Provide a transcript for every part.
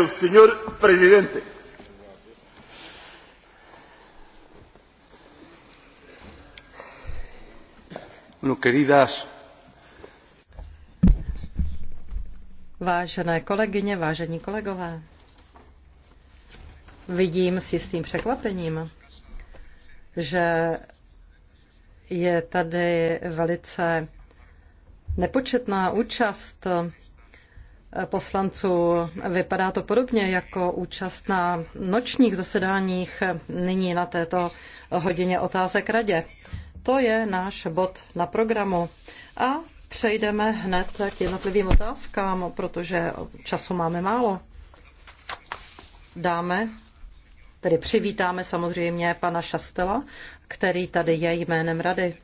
el señor presidente. Bueno, queridas. Vážené kolegyně, vážení kolegové, vidím s jistým překvapením, že je tady velice nepočetná účast poslanců. Vypadá to podobně jako účast na nočních zasedáních nyní na této hodině otázek radě. To je náš bod na programu. A přejdeme hned k jednotlivým otázkám, protože času máme málo. Dáme, tedy přivítáme samozřejmě pana Šastela, který tady je jménem rady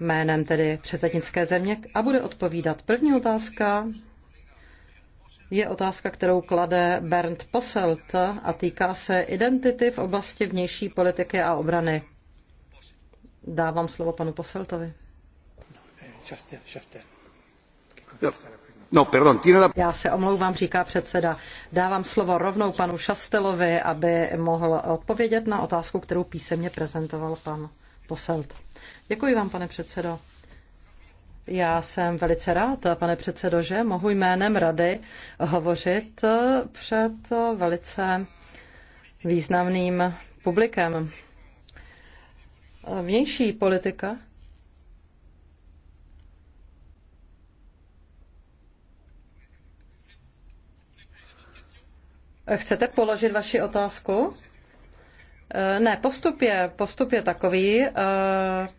jménem tedy předsednické země a bude odpovídat. První otázka je otázka, kterou klade Bernd Posselt a týká se identity v oblasti vnější politiky a obrany. Dávám slovo panu Poseltovi. No, no, pardon, la... Já se omlouvám, říká předseda. Dávám slovo rovnou panu Šastelovi, aby mohl odpovědět na otázku, kterou písemně prezentoval pan Poselt. Děkuji vám, pane předsedo. Já jsem velice rád, pane předsedo, že mohu jménem rady hovořit před velice významným publikem. Vnější politika Chcete položit vaši otázku? Eh, ne, postup je, postup je takový, eh,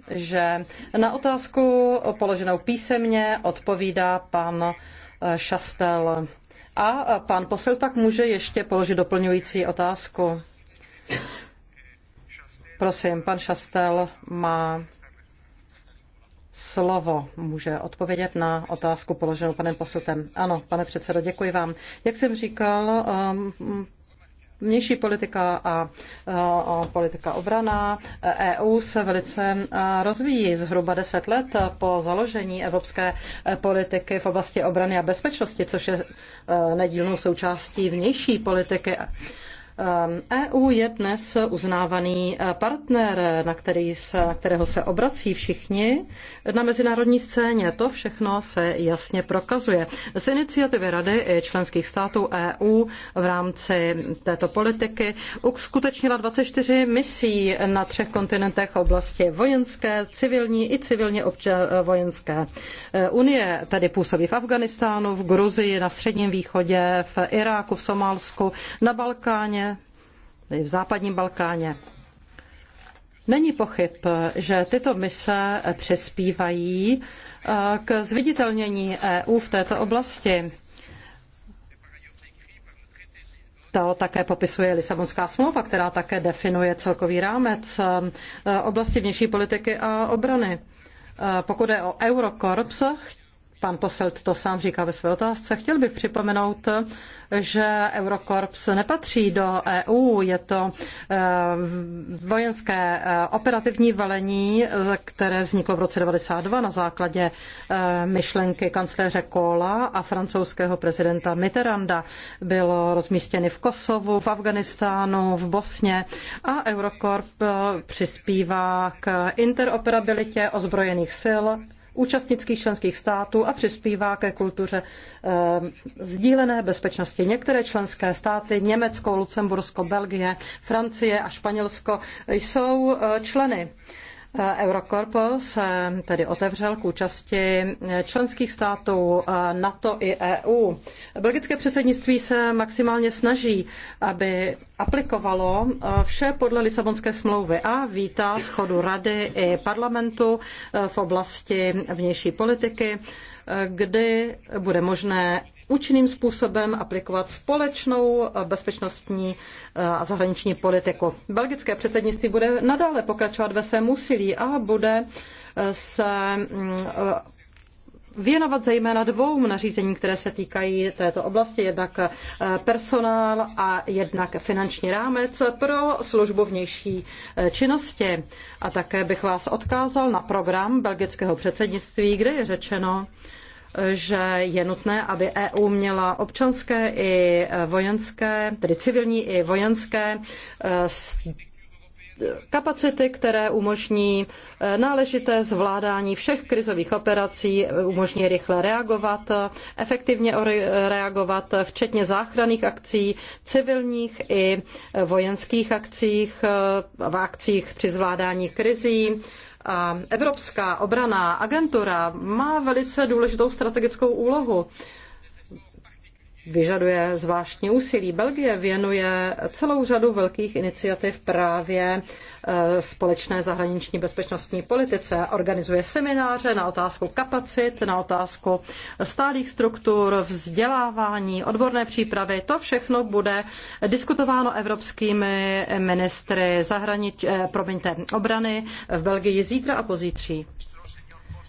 že na otázku položenou písemně odpovídá pan eh, Šastel. A pan posel pak může ještě položit doplňující otázku. Prosím, pan Šastel má slovo. Může odpovědět na otázku položenou panem posutem. Ano, pane předsedo, děkuji vám. Jak jsem říkal, vnější politika a, a politika obrana EU e se velice rozvíjí. Zhruba deset let po založení evropské e, politiky v oblasti obrany a bezpečnosti, což je e, nedílnou součástí vnější politiky. EU ehm, e je dnes uznávaný eh, partner, eh, na, který se, na kterého se obrací všichni na mezinárodní scéně. To všechno se jasně prokazuje. Z iniciativy Rady i členských států EU v rámci této politiky uskutečnila 24 misí na třech kontinentech oblasti vojenské, civilní i civilně obča- eh, vojenské. Unie tedy působí v Afganistánu, v Gruzii, na Středním východě, v Iráku, v Somálsku, na Balkáně, v západním Balkáně. Není pochyb, že tyto mise přispívají eh, k zviditelnění EU v této oblasti. To také popisuje Lisabonská smlouva, která také definuje celkový rámec eh, oblasti vnější politiky a obrany. Eh, pokud je o Eurokorps, Pan Poselt to sám říká ve své otázce. Chtěl bych připomenout, že Eurokorps nepatří do EU, je to eh, vojenské eh, operativní velení, které vzniklo v roce 1992 na základě eh, myšlenky kancléře Kohla a francouzského prezidenta Mitterranda. Bylo rozmístěny v Kosovu, v Afganistánu, v Bosně a Eurokorp přispívá k interoperabilitě ozbrojených sil účastnických členských států a přispívá ke kultuře eh, sdílené bezpečnosti. Některé členské státy, Německo, Lucembursko, Belgie, Francie a Španělsko, jsou eh, členy Eh, Eurokorpor se tedy otevřel k účasti členských států eh, NATO i EU. Belgické předsednictví se maximálně snaží, aby aplikovalo eh, vše podle Lisabonské smlouvy a vítá schodu rady i parlamentu v oblasti vnější politiky, kdy bude možné účinným způsobem aplikovat společnou eh, bezpečnostní eh, a zahraniční politiku. Belgické předsednictví bude nadále pokračovat ve svém úsilí a bude eh, se mm, věnovat zejména dvou nařízení, které se týkají této oblasti, jednak personál a jednak finanční rámec pro službu vnější činnosti. A také bych vás odkázal na program belgického předsednictví, kde je řečeno, že je nutné, aby EU měla občanské i vojenské, tedy civilní i vojenské eh, kapacity, které umožní eh, náležité zvládání všech krizových operací, umožní rychle reagovat, efektivně reagovat, včetně záchranných akcí, civilních i vojenských akcích, eh, v akcích při zvládání krizí, Evropská obraná agentura má velice důležitou strategickou úlohu. Vyžaduje zvláštní úsilí. Belgie věnuje celou řadu velkých iniciativ právě Eh, společné zahraniční bezpečnostní politice, organizuje semináře na otázku kapacit, na otázku stálých struktur, vzdělávání, odborné přípravy. To všechno bude diskutováno evropskými ministry zahranič, eh, promiňte, obrany v Belgii zítra a pozítří.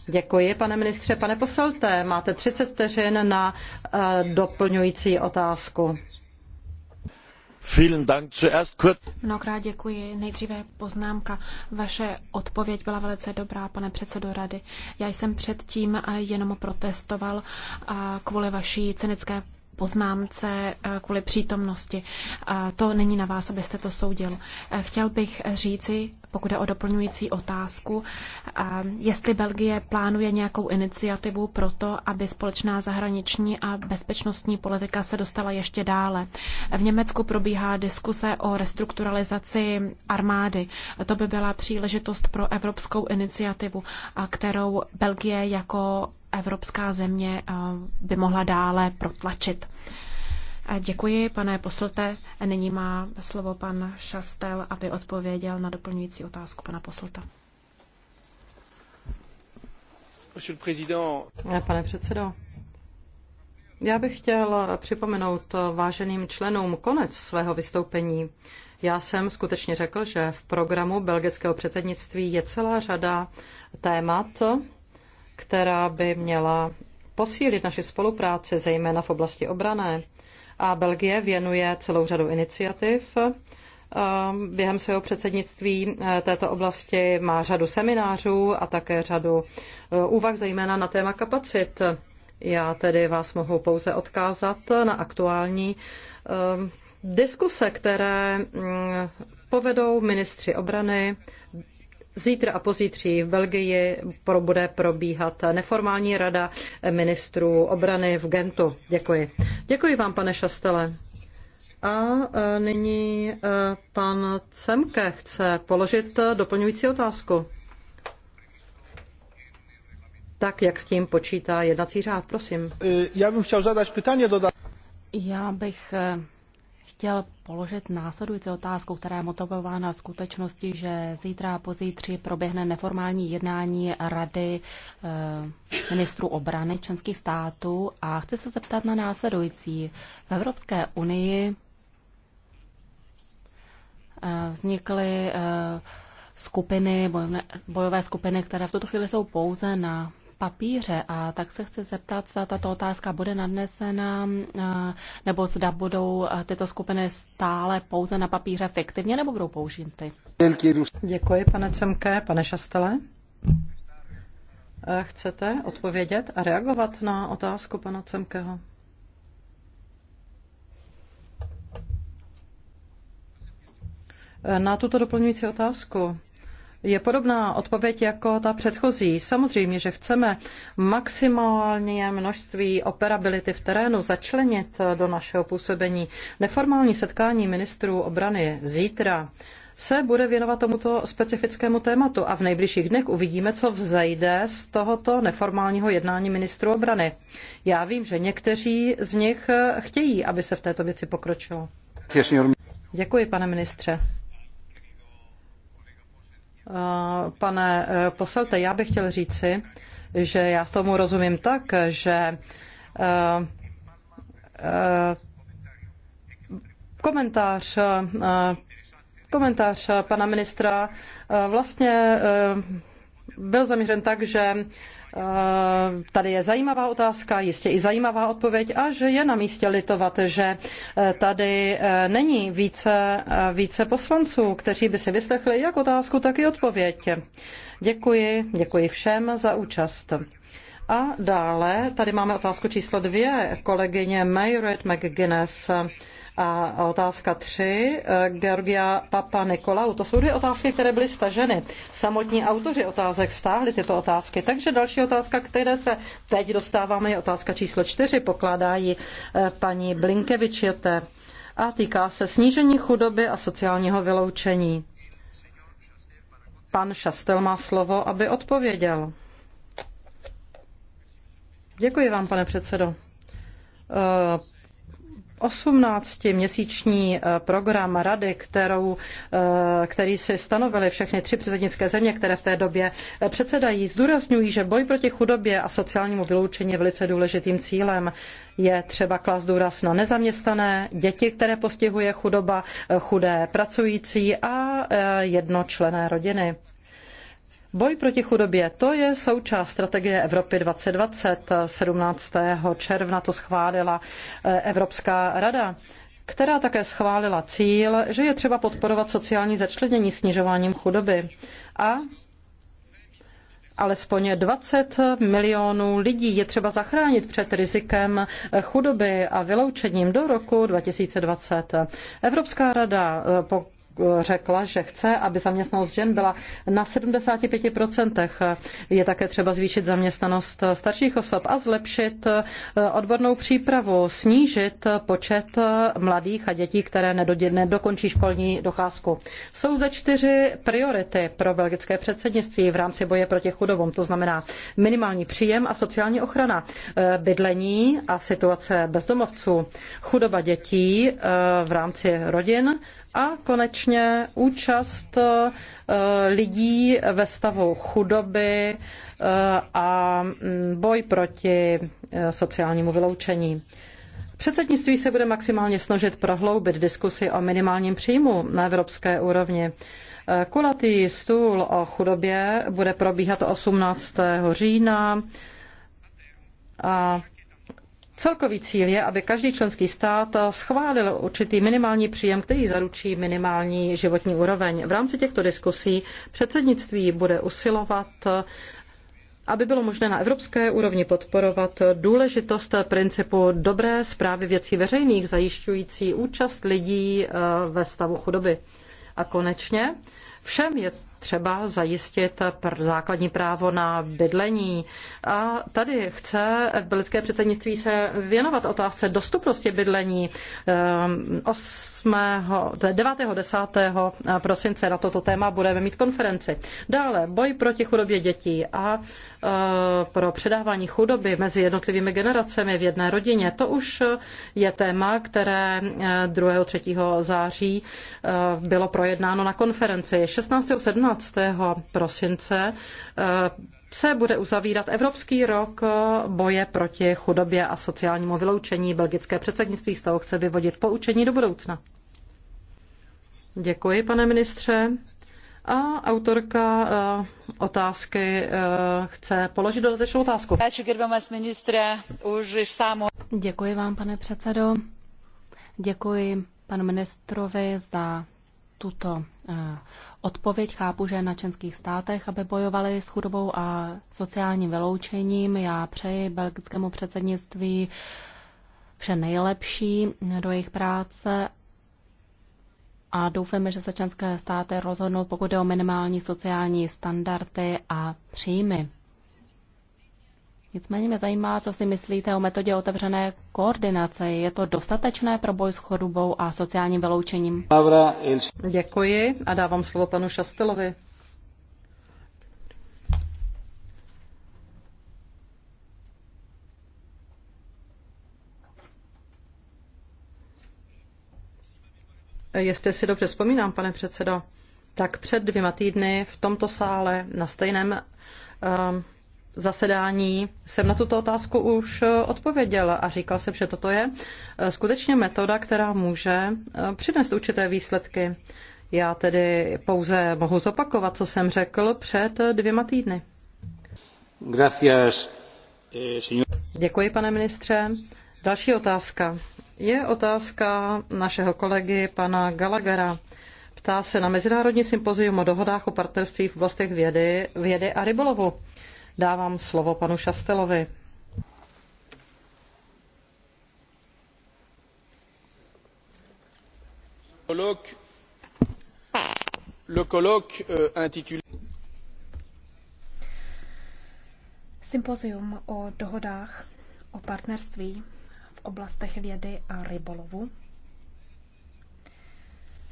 Děkuji, pane ministře. Pane poselte, máte 30 vteřin na eh, doplňující otázku. Vielen Dank. Mnohokrát děkuji. Nejdříve poznámka. Vaše odpověď byla velice dobrá, pane předsedo rady. Já jsem předtím jenom protestoval kvůli vaší cynické poznámce eh, kvůli přítomnosti. Eh, to není na vás, abyste to soudil. Eh, chtěl bych říci, pokud je o doplňující otázku, jestli Belgie plánuje nějakou iniciativu pro to, aby společná zahraniční a bezpečnostní politika se dostala ještě dále. V Německu probíhá diskuse o restrukturalizaci armády. To by byla příležitost pro evropskou iniciativu, kterou Belgie jako evropská země eh, by mohla dále protlačit. Eh, děkuji, pane poslte. Nyní má slovo pan Šastel, aby odpověděl na doplňující otázku pana poslta. Eh, pane předsedo, já bych chtěl připomenout váženým členům konec svého vystoupení. Já jsem skutečně řekl, že v programu belgického předsednictví je celá řada témat, která by měla posílit naši spolupráci, zejména v oblasti obrané. A Belgie věnuje celou řadu iniciativ. Během svého předsednictví e, této oblasti má řadu seminářů a také řadu e, úvah, zejména na téma kapacit. Já tedy vás mohu pouze odkázat na aktuální e, diskuse, které mm, povedou ministři obrany Zítra a pozítří v Belgii bude probíhat neformální rada ministrů obrany v Gentu. Děkuji. Děkuji vám, pane Šastele. A e, nyní e, pan Cemke chce položit doplňující otázku. Tak, jak s tím počítá jednací řád, prosím. E, já bych chtěl zadat pytanie dodat. Já bych chtěl položit následující otázku, která je motivována skutečnosti, že zítra a pozítří proběhne neformální jednání Rady eh, ministrů obrany členských států a chci se zeptat na následující. V Evropské unii eh, vznikly eh, skupiny, bojové skupiny, které v tuto chvíli jsou pouze na papíře a tak se chci zeptat, zda tato otázka bude nadnesena eh, nebo zda budou eh, tyto skupiny stále pouze na papíře fiktivně nebo budou použity. Děkuji, pane Cemke. Pane Šastele, eh, chcete odpovědět a reagovat na otázku pana Cemkeho? Na tuto doplňující otázku je podobná odpověď jako ta předchozí. Samozřejmě, že chceme maximálně množství operability v terénu začlenit do našeho působení. Neformální setkání ministrů obrany zítra se bude věnovat tomuto specifickému tématu a v nejbližších dnech uvidíme, co vzejde z tohoto neformálního jednání ministrů obrany. Já vím, že někteří z nich chtějí, aby se v této věci pokročilo. Děkuji, pane ministře. Eh, pane eh, poselte, já bych chtěl říci, že já tomu rozumím tak, že eh, komentář, komentář pana ministra vlastně byl zaměřen tak, že Eh, tady je zajímavá otázka, jistě i zajímavá odpověď a že je na místě litovat, že eh, tady eh, není více, více poslanců, kteří by si vyslechli jak otázku, tak i odpověď. Děkuji, děkuji všem za účast. A dále, tady máme otázku číslo dvě, kolegyně Mayred McGuinness. A otázka tři. Eh, Georgia Papa Nikolau. To jsou dvě otázky, které byly staženy. Samotní autoři otázek stáhli tyto otázky. Takže další otázka, které se teď dostáváme, je otázka číslo čtyři. Pokládá ji eh, paní Blinkevičete a týká se snížení chudoby a sociálního vyloučení. Pan Šastel má slovo, aby odpověděl. Děkuji vám, pane předsedo eh, 18-měsíční eh, program Rady, kterou, eh, který si stanovily všechny tři předsednické země, které v té době eh, předsedají, zdůrazňují, že boj proti chudobě a sociálnímu vyloučení je velice důležitým cílem. Je třeba klást důraz na nezaměstnané, děti, které postihuje chudoba, chudé pracující a jednočlené rodiny. Boj proti chudobě, to je součást strategie Evropy 2020. 17. června to schválila eh, Evropská rada která také schválila cíl, že je třeba podporovat sociální začlenění snižováním chudoby a alespoň 20 milionů lidí je třeba zachránit před rizikem eh, chudoby a vyloučením do roku 2020. Evropská rada eh, po řekla, že chce, aby zaměstnanost žen byla na 75%. Je také třeba zvýšit zaměstnanost starších osob a zlepšit eh, odbornou přípravu, snížit počet eh, mladých a dětí, které nedokončí školní docházku. Jsou zde čtyři priority pro belgické předsednictví v rámci boje proti chudobům, to znamená minimální příjem a sociální ochrana, eh, bydlení a situace bezdomovců, chudoba dětí v rámci rodin, a konečně účast eh, lidí ve stavu chudoby eh, a mm, boj proti eh, sociálnímu vyloučení. Předsednictví se bude maximálně snažit prohloubit diskusi o minimálním příjmu na evropské úrovni. Kulatý stůl o chudobě bude probíhat 18. října a Celkový cíl je, aby každý členský stát schválil určitý minimální příjem, který zaručí minimální životní úroveň. V rámci těchto diskusí předsednictví bude usilovat aby bylo možné na evropské úrovni podporovat důležitost principu dobré zprávy věcí veřejných, zajišťující účast lidí eh, ve stavu chudoby. A konečně všem je třeba zajistit pr- základní právo na bydlení. A tady chce britské předsednictví se věnovat otázce dostupnosti bydlení. 9.10. Ehm, prosince na toto téma budeme mít konferenci. Dále boj proti chudobě dětí a e, pro předávání chudoby mezi jednotlivými generacemi v jedné rodině. To už je téma, které 2. E, 3. září e, bylo projednáno na konferenci. 16. 17 14. prosince eh, se bude uzavírat Evropský rok boje proti chudobě a sociálnímu vyloučení. Belgické předsednictví z toho chce vyvodit poučení do budoucna. Děkuji, pane ministře. A autorka eh, otázky eh, chce položit dodatečnou otázku. Děkuji vám, pane předsedo. Děkuji panu ministrovi za tuto eh, odpověď. Chápu, že na českých státech, aby bojovali s chudobou a sociálním vyloučením. Já přeji belgickému předsednictví vše nejlepší do jejich práce a doufáme, že se členské státy rozhodnou, pokud je o minimální sociální standardy a příjmy. Nicméně mě zajímá, co si myslíte o metodě otevřené koordinace. Je to dostatečné pro boj s chorobou a sociálním vyloučením? Děkuji a dávám slovo panu Šastelovi. Jestli si dobře vzpomínám, pane předsedo, tak před dvěma týdny v tomto sále na stejném um, zasedání jsem na tuto otázku už eh, odpověděl a říkal jsem, že toto je eh, skutečně metoda, která může eh, přinést určité výsledky. Já tedy pouze mohu zopakovat, co jsem řekl před dvěma týdny. Gracias, Děkuji, pane ministře. Další otázka. Je otázka našeho kolegy pana Galagera. Ptá se na Mezinárodní sympozium o dohodách o partnerství v oblastech vědy, vědy a rybolovu. Dávám slovo panu Šastelovi. Le colloque euh, intitulé Sympozium o dohodách o partnerství v oblastech vědy a rybolovu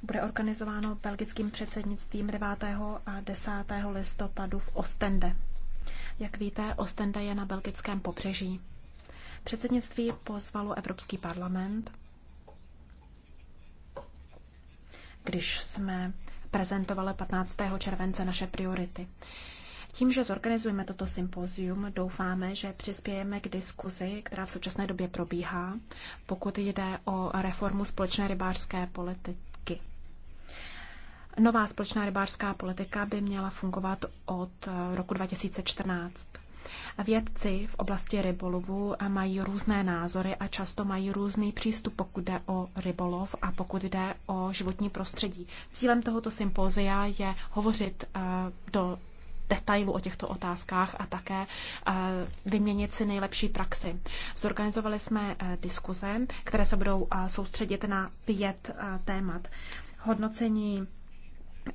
bude organizováno belgickým předsednictvím 9. a 10. listopadu v Ostende. Jak víte, Ostende je na belgickém pobřeží. Předsednictví pozvalo Evropský parlament, když jsme prezentovali 15. července naše priority. Tím, že zorganizujeme toto sympozium, doufáme, že přispějeme k diskuzi, která v současné době probíhá, pokud jde o reformu společné rybářské politiky Nová společná rybářská politika by měla fungovat od roku 2014. Vědci v oblasti rybolovu mají různé názory a často mají různý přístup, pokud jde o rybolov a pokud jde o životní prostředí. Cílem tohoto sympózia je hovořit eh, do detailu o těchto otázkách a také eh, vyměnit si nejlepší praxi. Zorganizovali jsme eh, diskuze, které se budou soustředit na pět témat. Hodnocení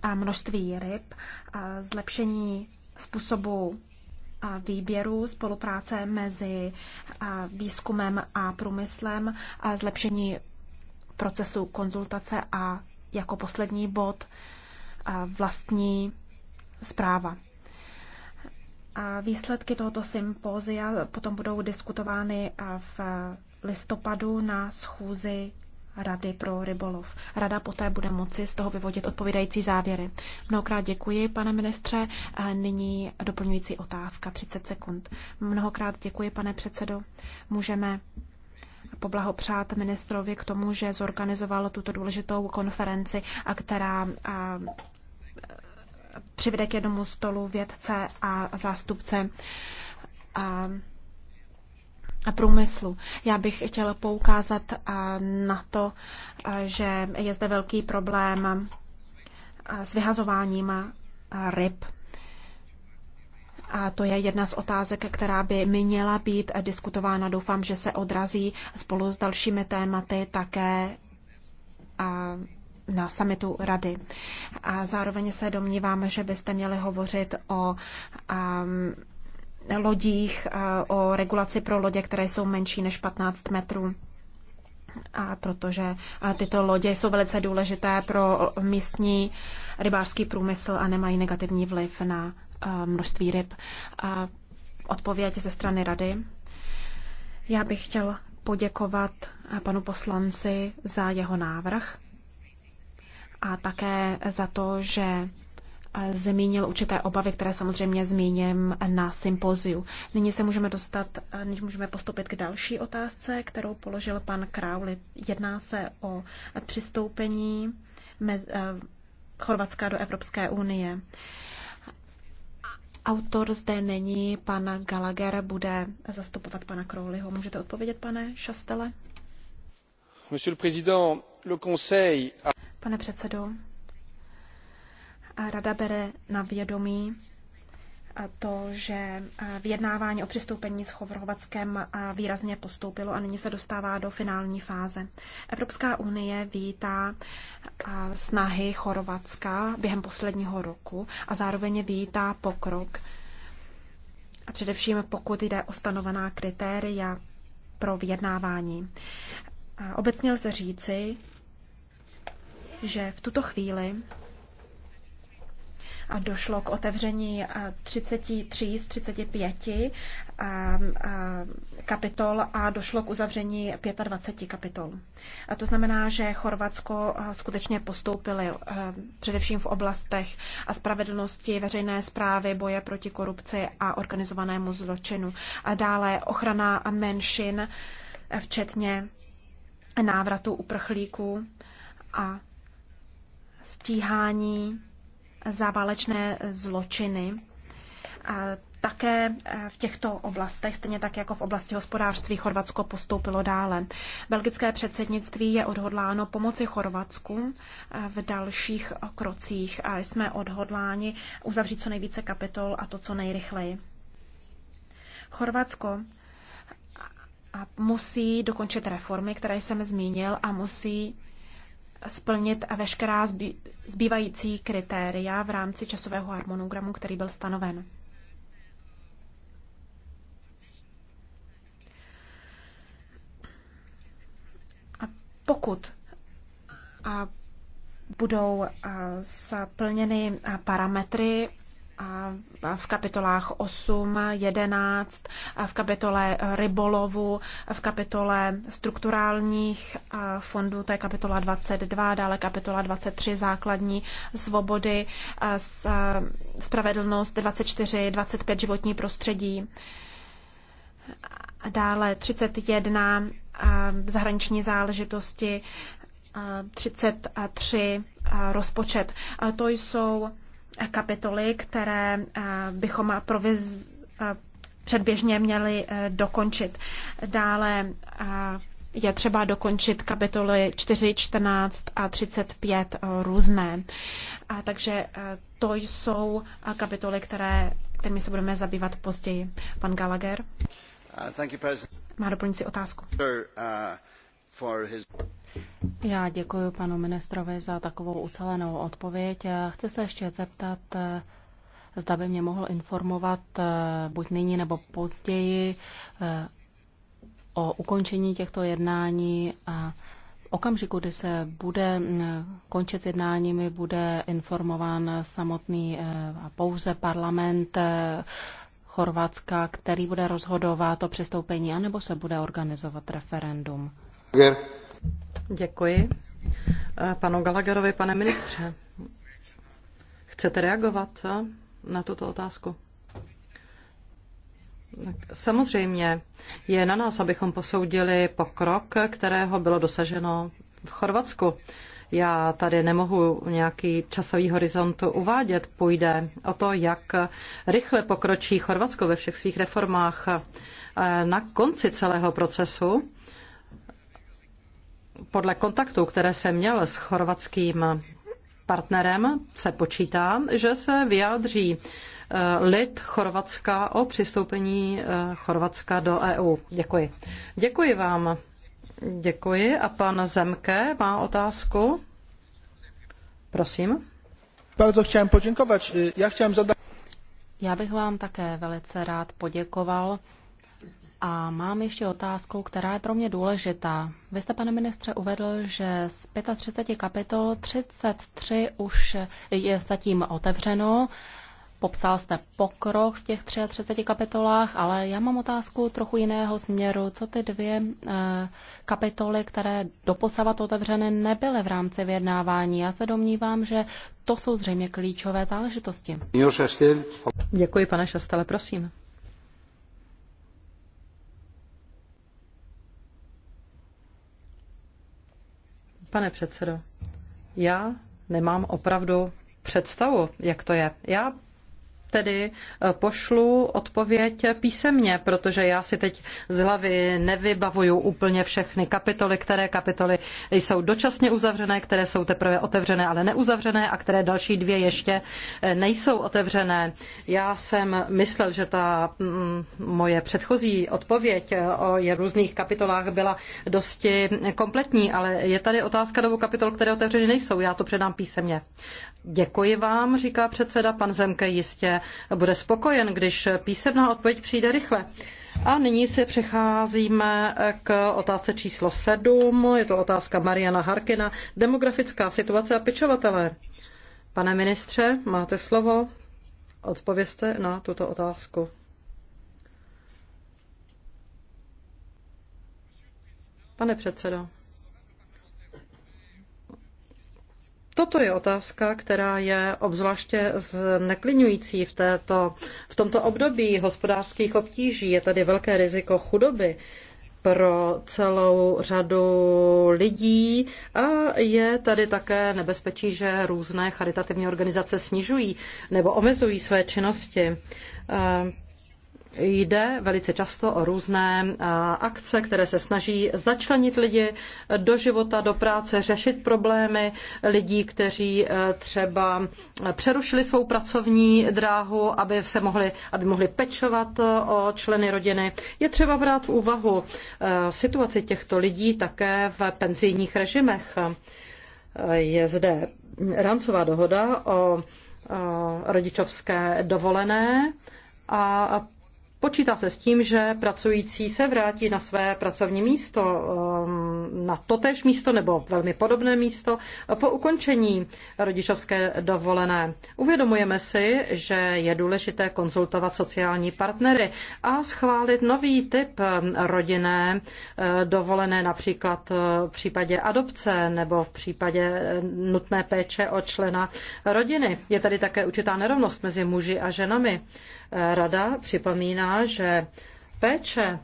a množství ryb, a zlepšení způsobu a výběru, spolupráce mezi a výzkumem a průmyslem, a zlepšení procesu konzultace a jako poslední bod vlastní zpráva. A výsledky tohoto sympózia potom budou diskutovány v listopadu na schůzi Rady pro rybolov. Rada poté bude moci z toho vyvodit odpovídající závěry. Mnohokrát děkuji, pane ministře. Nyní doplňující otázka, 30 sekund. Mnohokrát děkuji, pane předsedo. Můžeme poblahopřát ministrovi k tomu, že zorganizoval tuto důležitou konferenci, a která a, přivede k jednomu stolu vědce a zástupce a, a průmyslu. Já bych chtěla poukázat eh, na to, eh, že je zde velký problém eh, s vyhazováním ryb. A to je jedna z otázek, která by měla být diskutována. Doufám, že se odrazí spolu s dalšími tématy také na samitu rady. A zároveň se domnívám, že byste měli hovořit o um, lodích, eh, o regulaci pro lodě, které jsou menší než 15 metrů. A protože eh, tyto lodě jsou velice důležité pro místní rybářský průmysl a nemají negativní vliv na eh, množství ryb. A odpověď ze strany rady. Já bych chtěl poděkovat panu poslanci za jeho návrh a také za to, že zmínil určité obavy, které samozřejmě zmíním na sympoziu. Nyní se můžeme dostat, než můžeme postupit k další otázce, kterou položil pan Krauli. Jedná se o přistoupení eh, Chorvatska do Evropské unie. Autor zde není, pan Gallagher bude zastupovat pana Crowleyho. Můžete odpovědět, pane Šastele? Monsieur le Président, le Conseil a... Pane předsedo, Rada bere na vědomí to, že vyjednávání o přistoupení s Chorvatskem výrazně postoupilo a nyní se dostává do finální fáze. Evropská unie vítá snahy Chorvatska během posledního roku a zároveň vítá pokrok. A především pokud jde o stanovená kritéria pro vyjednávání. Obecně lze říci, že v tuto chvíli a došlo k otevření 33 eh, z 35 eh, eh, kapitol a došlo k uzavření 25 kapitol. A to znamená, že Chorvatsko skutečně postoupili především v oblastech a spravedlnosti, veřejné zprávy, boje proti korupci a organizovanému zločinu. A dále ochrana menšin, včetně návratu uprchlíků a stíhání za válečné zločiny. A také eh, v těchto oblastech, stejně tak jako v oblasti hospodářství, Chorvatsko postoupilo dále. Belgické předsednictví je odhodláno pomoci Chorvatsku eh, v dalších krocích a jsme odhodláni uzavřít co nejvíce kapitol a to co nejrychleji. Chorvatsko eh, musí dokončit reformy, které jsem zmínil, a musí splnit veškerá zbývající kritéria v rámci časového harmonogramu, který byl stanoven. A pokud a budou splněny parametry v kapitolách 8, 11, v kapitole rybolovu, v kapitole strukturálních fondů, to je kapitola 22, dále kapitola 23 základní svobody, spravedlnost 24, 25 životní prostředí, dále 31 zahraniční záležitosti, 33 rozpočet. To jsou kapitoly, které eh, bychom proviz, eh, předběžně měli eh, dokončit. Dále je třeba dokončit kapitoly 4, 14 a 35 různé. A takže to jsou kapitoly, které, kterými se budeme zabývat později. Pan Gallagher uh, má doplňující otázku. Sir, uh, já děkuji panu ministrovi za takovou ucelenou odpověď. Chci se ještě zeptat, zda by mě mohl informovat eh, buď nyní nebo později eh, o ukončení těchto jednání a okamžiku, kdy se bude mm, končit jednáními, bude informován samotný eh, a pouze parlament Chorvatska, který bude rozhodovat o přistoupení, anebo se bude organizovat referendum. Yeah. Děkuji. Eh, panu Galagarovi, pane ministře, chcete reagovat eh, na tuto otázku? Samozřejmě je na nás, abychom posoudili pokrok, kterého bylo dosaženo v Chorvatsku. Já tady nemohu nějaký časový horizont uvádět. Půjde o to, jak rychle pokročí Chorvatsko ve všech svých reformách. Eh, na konci celého procesu podle kontaktů, které jsem měl s chorvatským partnerem, se počítá, že se vyjádří eh, lid Chorvatska o přistoupení eh, Chorvatska do EU. Děkuji. Děkuji vám. Děkuji. A pan Zemke má otázku. Prosím. Bardzo chciałem poděkovat. Já chciałem zadat... Já bych vám také velice rád poděkoval a mám ještě otázku, která je pro mě důležitá. Vy jste, pane ministře, uvedl, že z 35 kapitol 33 už je zatím otevřeno. Popsal jste pokrok v těch 33 kapitolách, ale já mám otázku trochu jiného směru. Co ty dvě eh, kapitoly, které doposavat otevřeny nebyly v rámci vyjednávání? Já se domnívám, že to jsou zřejmě klíčové záležitosti. Děkuji, pane Šastele, prosím. Pane předsedo, já nemám opravdu představu, jak to je. Já tedy eh, pošlu odpověď písemně, protože já si teď z hlavy nevybavuju úplně všechny kapitoly, které kapitoly jsou dočasně uzavřené, které jsou teprve otevřené, ale neuzavřené a které další dvě ještě eh, nejsou otevřené. Já jsem myslel, že ta mm, moje předchozí odpověď eh, o je různých kapitolách byla dosti kompletní, ale je tady otázka dvou kapitol, které otevřeny nejsou. Já to předám písemně. Děkuji vám, říká předseda. Pan Zemke jistě bude spokojen, když písemná odpověď přijde rychle. A nyní se přecházíme k otázce číslo 7. Je to otázka Mariana Harkina. Demografická situace a pečovatelé. Pane ministře, máte slovo. Odpovězte na tuto otázku. Pane předsedo. Toto je otázka, která je obzvláště zneklidňující v, této, v tomto období hospodářských obtíží. Je tady velké riziko chudoby pro celou řadu lidí a je tady také nebezpečí, že různé charitativní organizace snižují nebo omezují své činnosti. Jde velice často o různé akce, které se snaží začlenit lidi do života, do práce, řešit problémy lidí, kteří e, třeba přerušili svou pracovní dráhu, aby se mohli, aby mohli pečovat e, o členy rodiny. Je třeba brát v úvahu e, situaci těchto lidí také v penzijních režimech. Je zde rámcová dohoda o rodičovské dovolené a Počítá se s tím, že pracující se vrátí na své pracovní místo, um, na totéž místo nebo velmi podobné místo uh, po ukončení rodičovské dovolené. Uvědomujeme si, že je důležité konzultovat sociální partnery a schválit nový typ um, rodinné uh, dovolené, například uh, v případě adopce nebo v případě nutné péče o člena rodiny. Je tady také určitá nerovnost mezi muži a ženami. Rada připomíná, že péče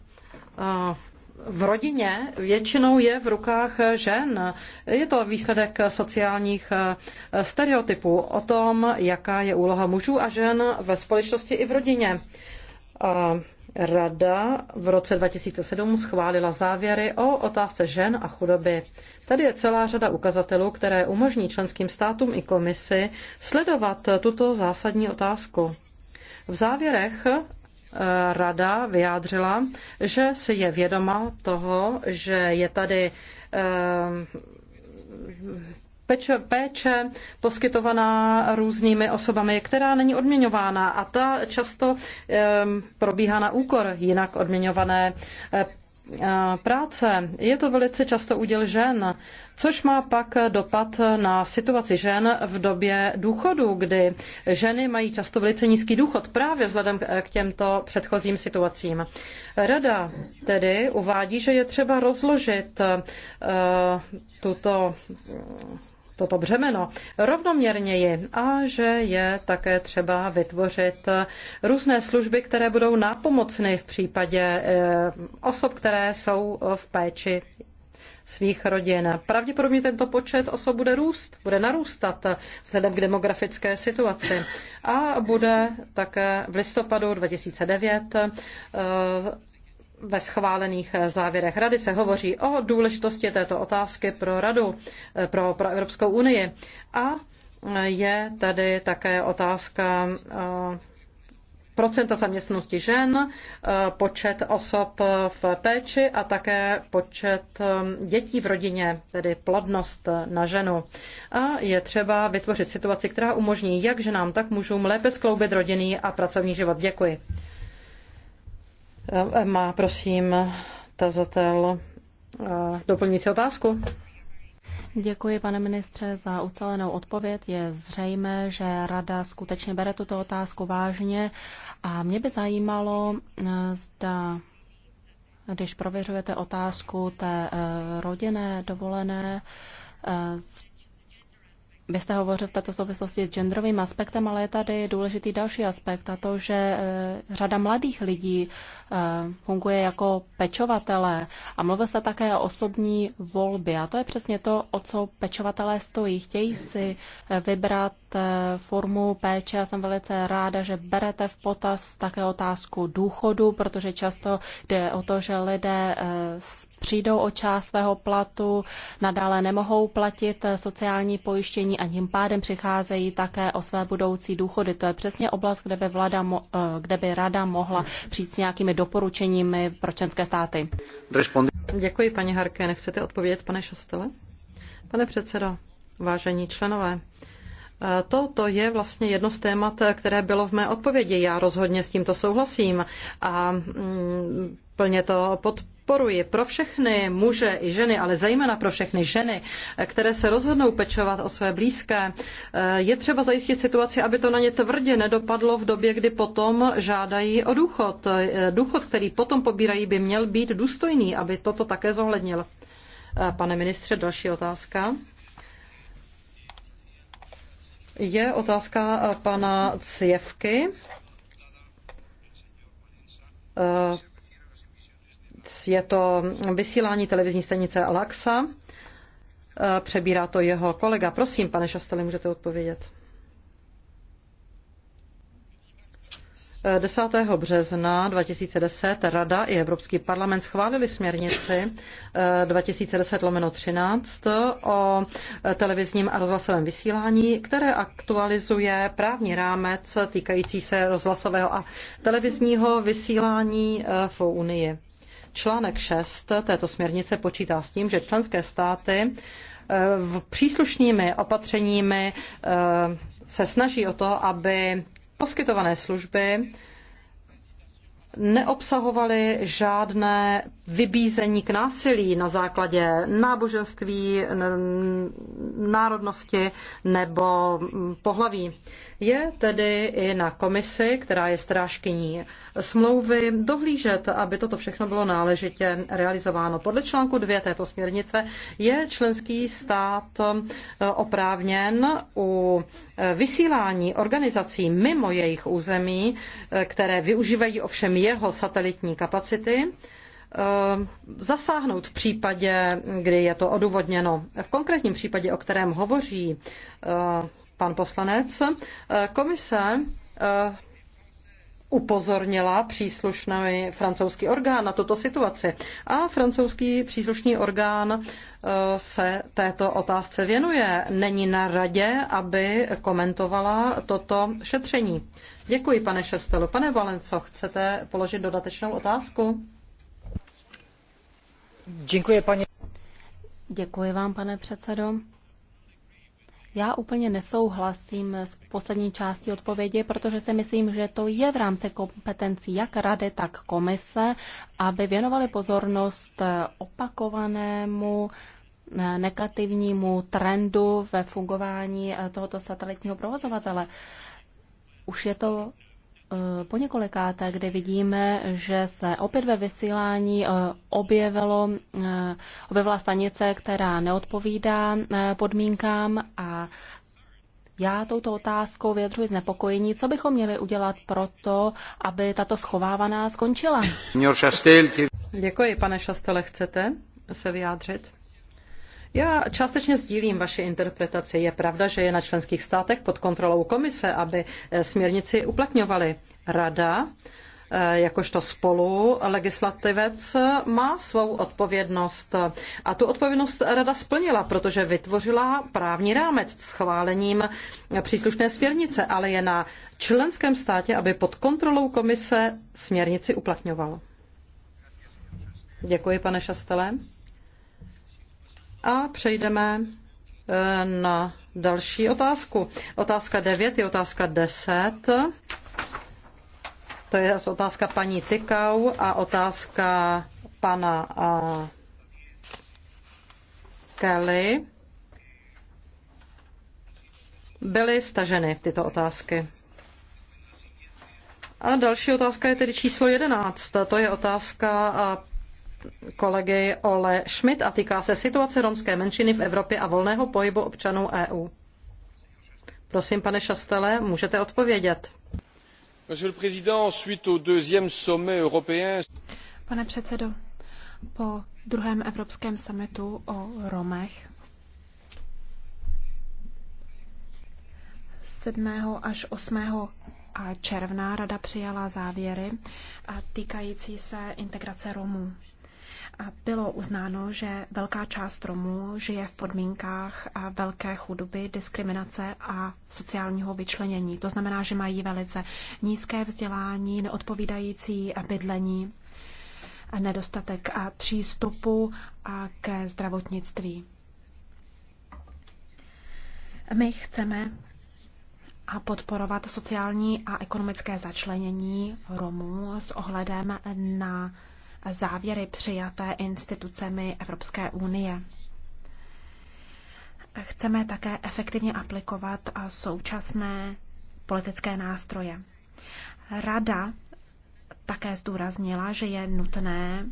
v rodině většinou je v rukách žen. Je to výsledek sociálních stereotypů o tom, jaká je úloha mužů a žen ve společnosti i v rodině. Rada v roce 2007 schválila závěry o otázce žen a chudoby. Tady je celá řada ukazatelů, které umožní členským státům i komisi sledovat tuto zásadní otázku. V závěrech eh, Rada vyjádřila, že si je vědoma toho, že je tady eh, péče, péče poskytovaná různými osobami, která není odměňována a ta často eh, probíhá na úkor jinak odměňované práce. Je to velice často úděl žen což má pak dopad na situaci žen v době důchodu, kdy ženy mají často velice nízký důchod právě vzhledem k těmto předchozím situacím. Rada tedy uvádí, že je třeba rozložit eh, tuto toto břemeno rovnoměrněji a že je také třeba vytvořit různé služby, které budou nápomocny v případě eh, osob, které jsou v péči svých rodin. Pravděpodobně tento počet osob bude růst, bude narůstat vzhledem k demografické situaci a bude také v listopadu 2009 eh, ve schválených závěrech Rady se hovoří o důležitosti této otázky pro Radu, eh, pro, pro Evropskou unii. A je tady také otázka eh, procenta zaměstnosti žen, eh, počet osob v péči a také počet eh, dětí v rodině, tedy plodnost na ženu. A je třeba vytvořit situaci, která umožní jak ženám, tak mužům lépe skloubit rodinný a pracovní život. Děkuji. Eh, má, prosím, tazatel doplňující otázku. Děkuji, pane ministře, za ucelenou odpověď. Je zřejmé, že Rada skutečně bere tuto otázku vážně a mě by zajímalo, eh, zda když prověřujete otázku té eh, rodinné dovolené, eh, vy jste hovořil v této souvislosti s genderovým aspektem, ale je tady důležitý další aspekt a to, že e, řada mladých lidí e, funguje jako pečovatelé a mluvil jste také o osobní volbě a to je přesně to, o co pečovatelé stojí. Chtějí si e, vybrat formu péče a jsem velice ráda, že berete v potaz také otázku důchodu, protože často jde o to, že lidé s přijdou o část svého platu, nadále nemohou platit sociální pojištění a tím pádem přicházejí také o své budoucí důchody. To je přesně oblast, kde by, vlada, eh, kde by rada mohla přijít s nějakými doporučeními pro členské státy. Děkuji, paní Harké. Nechcete odpovědět, pane Šastele? Pane předsedo, vážení členové, eh, to, to je vlastně jedno z témat, které bylo v mé odpovědi. Já rozhodně s tímto souhlasím a mm, plně to pod, podporuji pro všechny muže i ženy, ale zejména pro všechny ženy, které se rozhodnou pečovat o své blízké, eh, je třeba zajistit situaci, aby to na ně tvrdě nedopadlo v době, kdy potom žádají o důchod. Eh, důchod, který potom pobírají, by měl být důstojný, aby toto také zohlednil. Eh, pane ministře, další otázka je otázka pana Cjevky. Je to vysílání televizní stanice Alaxa. E, přebírá to jeho kolega. Prosím, pane Šasteli, můžete odpovědět. 10. E, března 2010 Rada i Evropský parlament schválili směrnici 2010-13 e, o televizním a rozhlasovém vysílání, které aktualizuje právní rámec týkající se rozhlasového a televizního vysílání v Unii. Článek 6 této směrnice počítá s tím, že členské státy eh, v příslušnými opatřeními eh, se snaží o to, aby poskytované služby neobsahovaly žádné vybízení k násilí na základě náboženství, národnosti nebo pohlaví. Je tedy i na komisi, která je strážkyní smlouvy, dohlížet, aby toto všechno bylo náležitě realizováno. Podle článku 2 této směrnice je členský stát oprávněn u vysílání organizací mimo jejich území, které využívají ovšem jeho satelitní kapacity eh, zasáhnout v případě, kdy je to odůvodněno. V konkrétním případě, o kterém hovoří eh, pan poslanec, eh, komise upozornila příslušný francouzský orgán na tuto situaci a francouzský příslušný orgán se této otázce věnuje. Není na radě, aby komentovala toto šetření. Děkuji, pane Šestelu. Pane Valenco, chcete položit dodatečnou otázku? Děkuji, paní. Děkuji vám, pane předsedo. Já úplně nesouhlasím s poslední částí odpovědi, protože si myslím, že to je v rámci kompetencí jak rady, tak komise, aby věnovali pozornost opakovanému eh, negativnímu trendu ve fungování eh, tohoto satelitního provozovatele. Už je to eh, po několikáté, kde vidíme, že se opět ve vysílání eh, objevilo, eh, objevila stanice, která neodpovídá podmínkám a já touto otázkou vyjadřuji znepokojení. Co bychom měli udělat pro to, aby tato schovávaná skončila? Děkuji, pane Šastele. Chcete se vyjádřit? Já částečně sdílím vaši interpretaci. Je pravda, že je na členských státech pod kontrolou komise, aby eh, směrnici uplatňovali. Rada eh, jakožto spolu legislativec má svou odpovědnost. A tu odpovědnost rada splnila, protože vytvořila právní rámec s schválením příslušné směrnice, ale je na členském státě, aby pod kontrolou komise směrnici uplatňoval. Děkuji, pane Šastelem. A přejdeme e, na další otázku. Otázka 9 je otázka 10. To je otázka paní Tykau a otázka pana a Kelly. Byly staženy tyto otázky. A další otázka je tedy číslo 11. To je otázka kolegy Ole Schmidt a týká se situace romské menšiny v Evropě a volného pohybu občanů EU. Prosím, pane Šastele, můžete odpovědět. Pane předsedo, po druhém evropském summitu o Romech 7. až 8. června rada přijala závěry týkající se integrace Romů bylo uznáno, že velká část Romů žije v podmínkách velké chudoby, diskriminace a sociálního vyčlenění. To znamená, že mají velice nízké vzdělání, neodpovídající bydlení, nedostatek přístupu k ke zdravotnictví. My chceme a podporovat sociální a ekonomické začlenění Romů s ohledem na závěry přijaté institucemi Evropské unie. Chceme také efektivně aplikovat současné politické nástroje. Rada také zdůraznila, že je nutné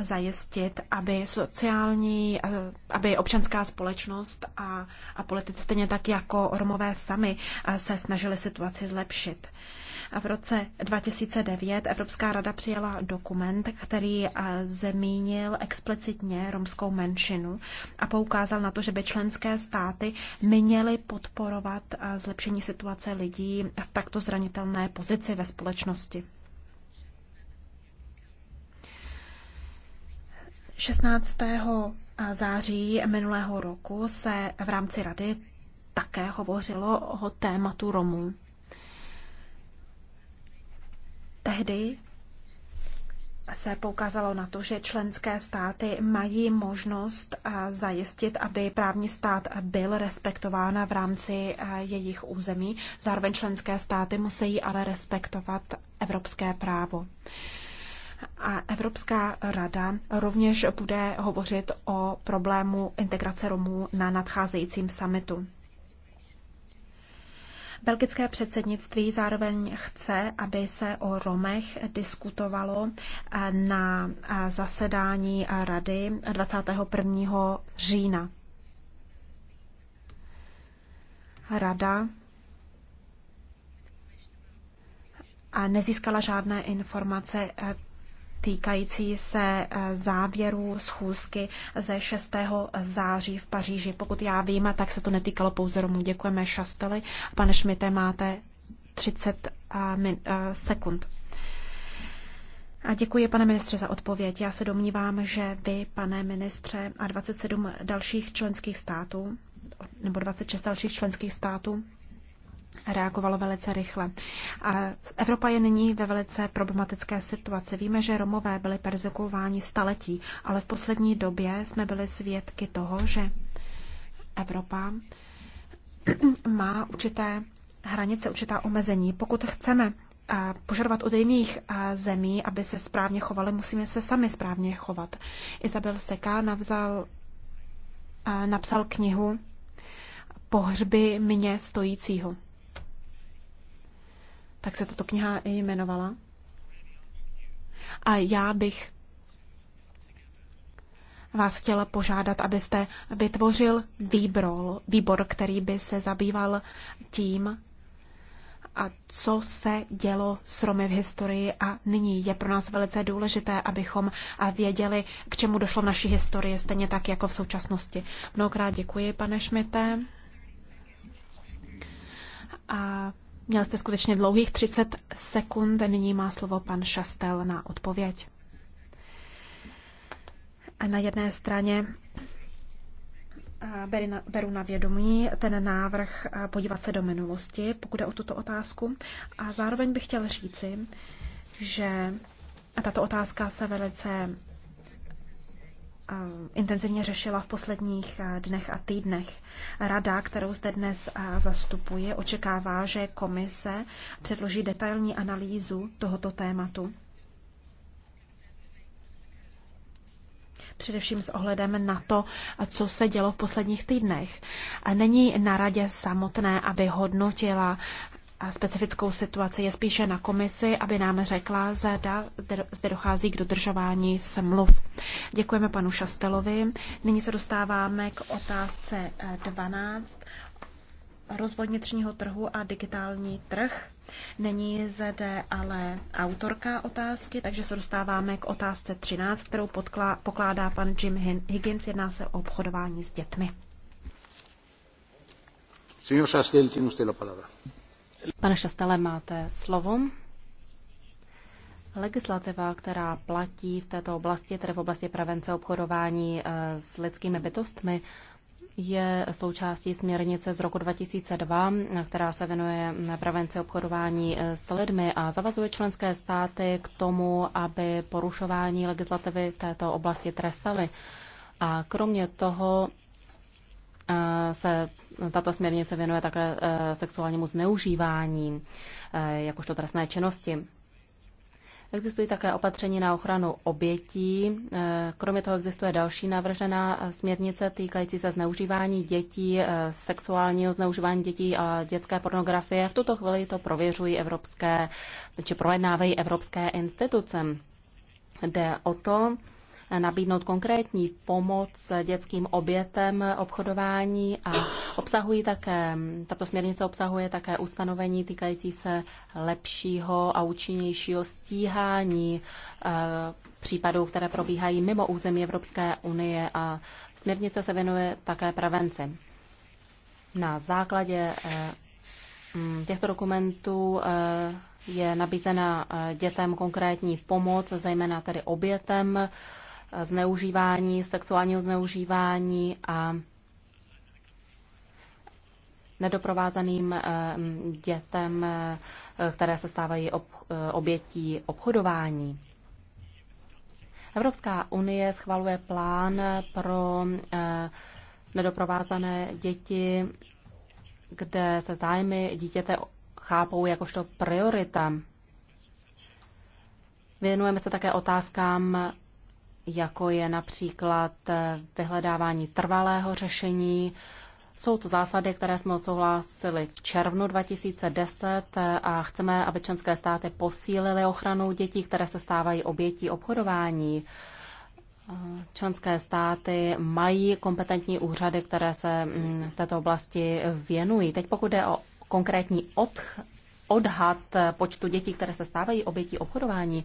zajistit, aby sociální, aby občanská společnost a, a politici stejně tak jako Romové sami se snažili situaci zlepšit. V roce 2009 Evropská rada přijala dokument, který eh, zmínil explicitně romskou menšinu a poukázal na to, že by členské státy měly podporovat eh, zlepšení situace lidí v takto zranitelné pozici ve společnosti. 16. Eh, září minulého roku se v rámci rady také hovořilo o tématu Romů. Tehdy se poukázalo na to, že členské státy mají možnost zajistit, aby právní stát byl respektován v rámci jejich území. Zároveň členské státy musí ale respektovat evropské právo. A Evropská rada rovněž bude hovořit o problému integrace Romů na nadcházejícím summitu. Belgické předsednictví zároveň chce, aby se o Romech diskutovalo eh, na eh, zasedání rady 21. října. Rada a eh, nezískala žádné informace týkající se eh, závěrů schůzky ze 6. září v Paříži. Pokud já vím, tak se to netýkalo pouze Romů. Děkujeme Šasteli. Pane Šmite, máte 30 eh, eh, sekund. A děkuji, pane ministře, za odpověď. Já se domnívám, že vy, pane ministře, a 27 dalších členských států, nebo 26 dalších členských států, reagovalo velice rychle. A Evropa je nyní ve velice problematické situaci. Víme, že Romové byli perzekováni staletí, ale v poslední době jsme byli svědky toho, že Evropa má určité hranice, určitá omezení. Pokud chceme požadovat od jiných zemí, aby se správně chovali, musíme se sami správně chovat. Isabel Seka navzal, napsal knihu Pohřby mě stojícího tak se tato kniha jmenovala. A já bych vás chtěla požádat, abyste vytvořil výbor, výbor, který by se zabýval tím, a co se dělo s Romy v historii a nyní je pro nás velice důležité, abychom věděli, k čemu došlo v naší historii, stejně tak jako v současnosti. Mnohokrát děkuji, pane Šmité. A Měl jste skutečně dlouhých 30 sekund, nyní má slovo pan Šastel na odpověď. A na jedné straně eh, beru na vědomí ten návrh eh, podívat se do minulosti, pokud je o tuto otázku. A zároveň bych chtěl říci, že tato otázka se velice intenzivně řešila v posledních eh, dnech a týdnech. Rada, kterou zde dnes eh, zastupuje, očekává, že komise předloží detailní analýzu tohoto tématu. Především s ohledem na to, co se dělo v posledních týdnech. Není na radě samotné, aby hodnotila specifickou situaci. Je spíše na komisi, aby nám řekla, zda zde dochází k dodržování smluv. Děkujeme panu Šastelovi. Nyní se dostáváme k otázce 12. Eh, Rozvoj vnitřního trhu a digitální trh. Není zde ale autorka otázky, takže se dostáváme k otázce 13, kterou podklá, pokládá pan Jim Higgins. Jedná se o obchodování s dětmi. Señor Chastel, tiene usted la palabra. Pane Šastele, máte slovo. Legislativa, která platí v této oblasti, tedy v oblasti prevence obchodování eh, s lidskými bytostmi, je součástí směrnice z roku 2002, která se věnuje prevenci obchodování eh, s lidmi a zavazuje členské státy k tomu, aby porušování legislativy v této oblasti trestaly. A kromě toho Eh, se tato směrnice věnuje také eh, sexuálnímu zneužívání eh, jakožto trestné činnosti. Existují také opatření na ochranu obětí. Kromě toho existuje další navržená směrnice týkající se zneužívání dětí, sexuálního zneužívání dětí a dětské pornografie. V tuto chvíli to prověřují evropské, či projednávají evropské instituce. Jde o to, nabídnout konkrétní pomoc dětským obětem obchodování a obsahují také, tato směrnice obsahuje také ustanovení týkající se lepšího a účinnějšího stíhání eh, případů, které probíhají mimo území Evropské unie a směrnice se věnuje také prevenci. Na základě eh, mm, těchto dokumentů eh, je nabízena dětem konkrétní pomoc, zejména tedy obětem zneužívání, sexuálního zneužívání a nedoprovázaným eh, dětem, eh, které se stávají ob, eh, obětí obchodování. Evropská unie schvaluje plán pro nedoprovázané děti, kde se zájmy dítěte chápou jakožto priorita. Věnujeme se také otázkám jako je například eh, vyhledávání trvalého řešení. Jsou to zásady, které jsme odsouhlasili v červnu 2010 eh, a chceme, aby členské státy posílily ochranu dětí, které se stávají obětí obchodování. Eh, členské státy mají kompetentní úřady, které se mm, této oblasti věnují. Teď pokud jde o konkrétní odch, odhad počtu dětí, které se stávají obětí obchodování,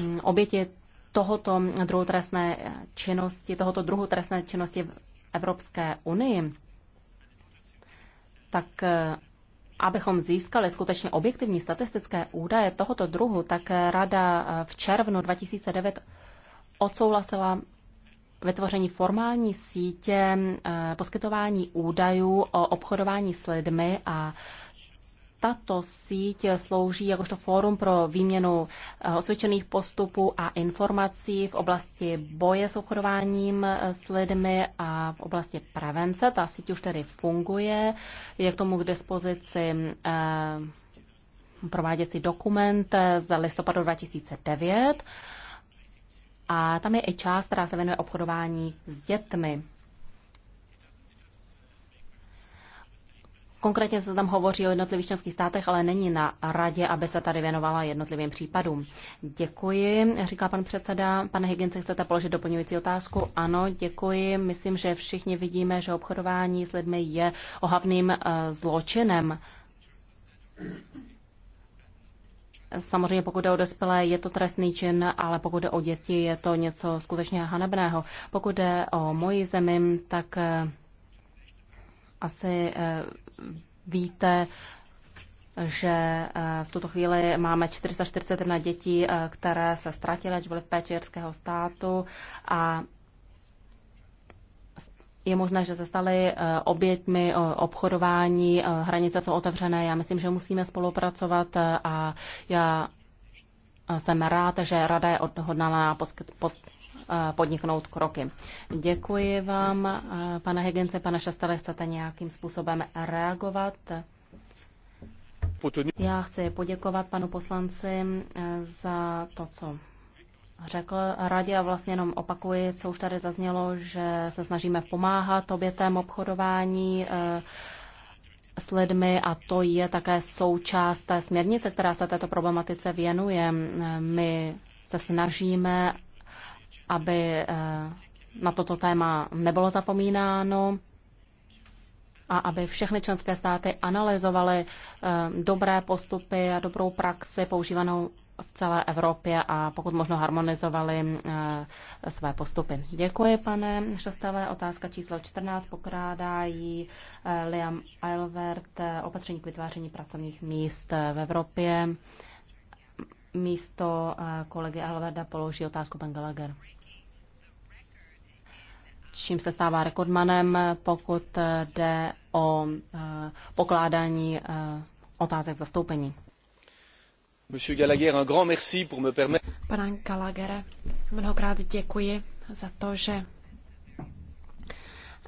mm, oběti tohoto druhu trestné činnosti, tohoto druhu trestné činnosti v Evropské unii, tak eh, abychom získali skutečně objektivní statistické údaje tohoto druhu, tak Rada eh, v červnu 2009 odsouhlasila vytvoření formální sítě eh, poskytování údajů o obchodování s lidmi a tato síť slouží jakožto fórum pro výměnu eh, osvědčených postupů a informací v oblasti boje s obchodováním eh, s lidmi a v oblasti prevence. Ta síť už tedy funguje, je k tomu k dispozici eh, prováděcí dokument z listopadu 2009 a tam je i část, která se věnuje obchodování s dětmi. Konkrétně se tam hovoří o jednotlivých členských státech, ale není na radě, aby se tady věnovala jednotlivým případům. Děkuji, říká pan předseda. Pane Higince, chcete položit doplňující otázku? Ano, děkuji. Myslím, že všichni vidíme, že obchodování s lidmi je ohavným eh, zločinem. Samozřejmě pokud jde o dospělé, je to trestný čin, ale pokud jde o děti, je to něco skutečně hanebného. Pokud jde o moji zemi, tak eh, asi eh, víte, že eh, v tuto chvíli máme 441 dětí, eh, které se ztratily, až byly v péči jirského státu a je možné, že se staly oběťmi obchodování, hranice jsou otevřené. Já myslím, že musíme spolupracovat a já jsem rád, že Rada je odhodnala poskyt, pod, podniknout kroky. Děkuji vám, pane Hegence, pane Šastele, chcete nějakým způsobem reagovat? Já chci poděkovat panu poslanci e, za to, co řekl radě a vlastně jenom opakuji, co už tady zaznělo, že se snažíme pomáhat obětem obchodování e, s lidmi a to je také součást té směrnice, která se této problematice věnuje. E, my se snažíme aby eh, na toto téma nebylo zapomínáno a aby všechny členské státy analyzovaly eh, dobré postupy a dobrou praxi používanou v celé Evropě a pokud možno harmonizovali eh, své postupy. Děkuji, pane Šostavé. Otázka číslo 14 pokrádá ji Liam Eilvert, opatření k vytváření pracovních míst v Evropě. Místo kolegy Alverda položí otázku pan Gallagher čím se stává rekordmanem, pokud jde o eh, pokládání eh, otázek v zastoupení. Monsieur Gallagher, un grand merci pour me permettre... Pane Gallagheri, mnohokrát děkuji za to, že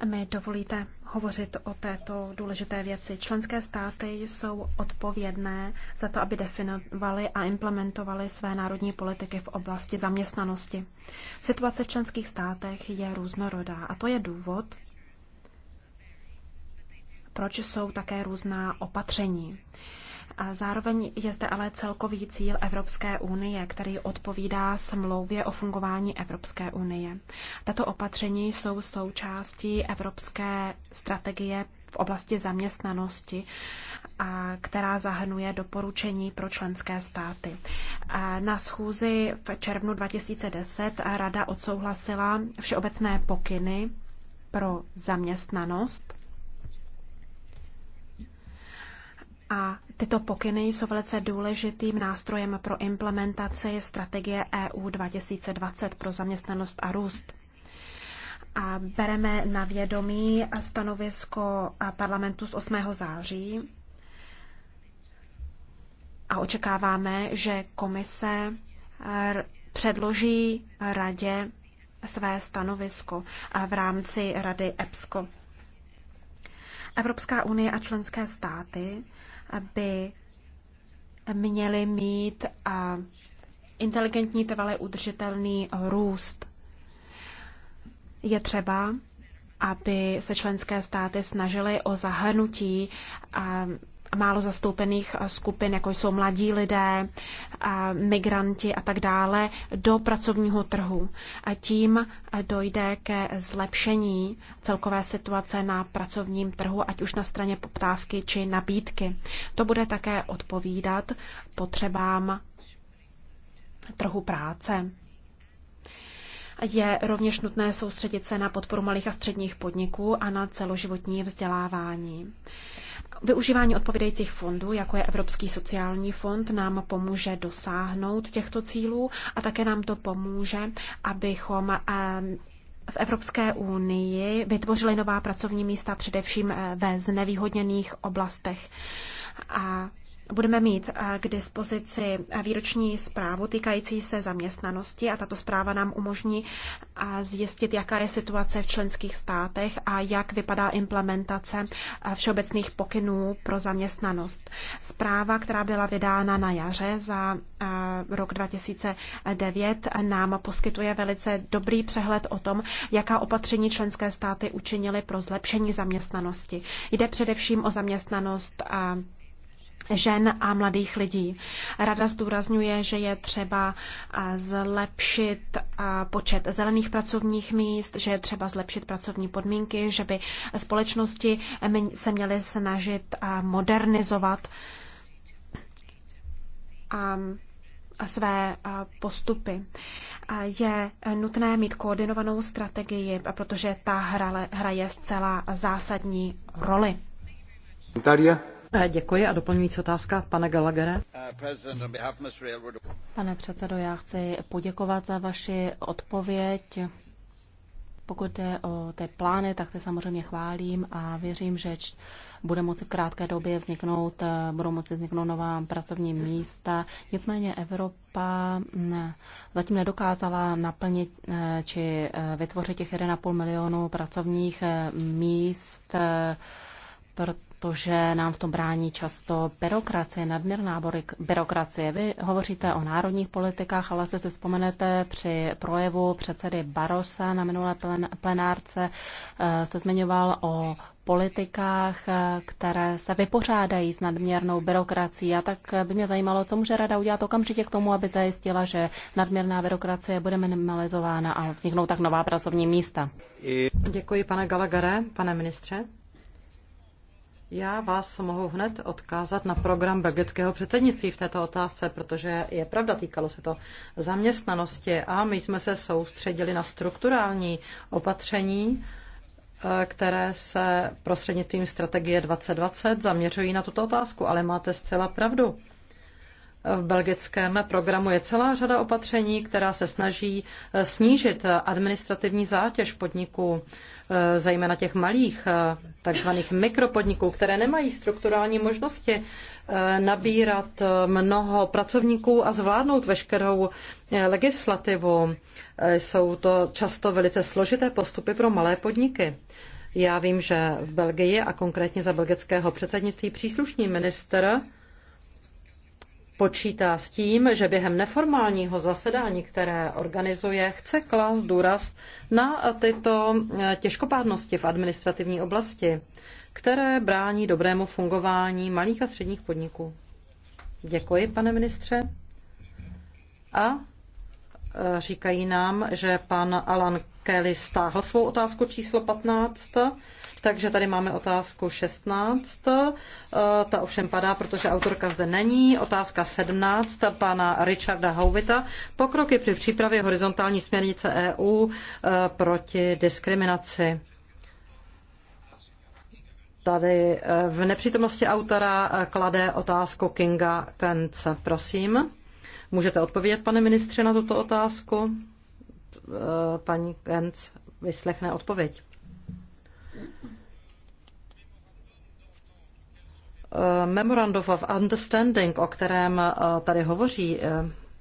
mi dovolíte hovořit o této důležité věci. Členské státy jsou odpovědné za to, aby definovaly a implementovaly své národní politiky v oblasti zaměstnanosti. Situace v členských státech je různorodá a to je důvod, proč jsou také různá opatření. A zároveň je zde ale celkový cíl Evropské unie, který odpovídá smlouvě o fungování Evropské unie. Tato opatření jsou součástí Evropské strategie v oblasti zaměstnanosti, a která zahrnuje doporučení pro členské státy. Na schůzi v červnu 2010 Rada odsouhlasila všeobecné pokyny pro zaměstnanost A tyto pokyny jsou velice důležitým nástrojem pro implementaci strategie EU 2020 pro zaměstnanost a růst. A bereme na vědomí stanovisko parlamentu z 8. září a očekáváme, že komise předloží radě své stanovisko v rámci Rady EPSCO. Evropská unie a členské státy aby měli mít inteligentní, trvalé udržitelný růst. Je třeba, aby se členské státy snažily o zahrnutí málo zastoupených eh, skupin, jako jsou mladí lidé, eh, migranti a tak dále, do pracovního trhu. A tím eh, dojde ke zlepšení celkové situace na pracovním trhu, ať už na straně poptávky či nabídky. To bude také odpovídat potřebám trhu práce. Je rovněž nutné soustředit se na podporu malých a středních podniků a na celoživotní vzdělávání. Využívání odpovědajících fondů, jako je Evropský sociální fond, nám pomůže dosáhnout těchto cílů a také nám to pomůže, abychom v Evropské unii vytvořili nová pracovní místa především eh, ve znevýhodněných oblastech. A Budeme mít eh, k dispozici eh, výroční zprávu týkající se zaměstnanosti a tato zpráva nám umožní eh, zjistit, jaká je situace v členských státech a jak vypadá implementace všeobecných pokynů pro zaměstnanost. Zpráva, která byla vydána na jaře za rok 2009, nám poskytuje velice dobrý přehled o tom, jaká opatření členské státy učinily pro zlepšení zaměstnanosti. Jde především o zaměstnanost žen a mladých lidí. Rada zdůrazňuje, že je třeba zlepšit počet zelených pracovních míst, že je třeba zlepšit pracovní podmínky, že by společnosti se měly snažit modernizovat a své postupy. Je nutné mít koordinovanou strategii, protože ta hra, hraje zcela zásadní roli. Eh, děkuji a doplňující otázka, pane Gallaghera. Eh, pane předsedo, já chci poděkovat za vaši odpověď. Pokud jde o ty plány, tak ty samozřejmě chválím a věřím, že bude moci v krátké době vzniknout, eh, budou moci vzniknout nová pracovní místa. Nicméně Evropa ne, mm, zatím nedokázala naplnit či vytvořit těch 1,5 milionu pracovních míst, proto protože nám v tom brání často byrokracie, nadměrná byrokracie. Vy hovoříte o národních politikách, ale se si vzpomenete při projevu předsedy Barosa na minulé plenárce, eh, se zmiňoval o politikách, eh, které se vypořádají s nadměrnou byrokracií. A tak eh, by mě zajímalo, co může rada udělat okamžitě k tomu, aby zajistila, že nadměrná byrokracie bude minimalizována a vzniknou tak nová pracovní místa. Děkuji, pane Galagare, pane ministře. Já vás mohu hned odkázat na program belgického předsednictví v této otázce, protože je pravda, týkalo se to zaměstnanosti a my jsme se soustředili na strukturální opatření, eh, které se prostřednictvím strategie 2020 zaměřují na tuto otázku, ale máte zcela pravdu. V belgickém programu je celá řada opatření, která se snaží eh, snížit administrativní zátěž podniků Eh, zejména těch malých eh, takzvaných mikropodniků, které nemají strukturální možnosti eh, nabírat mnoho pracovníků a zvládnout veškerou legislativu. Jsou to často velice složité postupy pro malé podniky. Já vím, že v Belgii a konkrétně za belgického předsednictví příslušný minister počítá s tím, že během neformálního zasedání, které organizuje, chce klást důraz na tyto eh, těžkopádnosti v administrativní oblasti, které brání dobrému fungování malých a středních podniků. Děkuji, pane ministře. A Eh, říkají nám, že pan Alan Kelly stáhl svou otázku číslo 15, takže tady máme otázku 16. Eh, ta ovšem padá, protože autorka zde není. Otázka 17 pana Richarda Houvita. Pokroky při přípravě horizontální směrnice EU eh, proti diskriminaci. Tady v nepřítomnosti autora klade otázku Kinga Kence. Prosím. Můžete odpovědět, pane ministře, na tuto otázku? Eh, paní Kenc vyslechne odpověď. Eh, memorandum of Understanding, o kterém eh, tady hovoří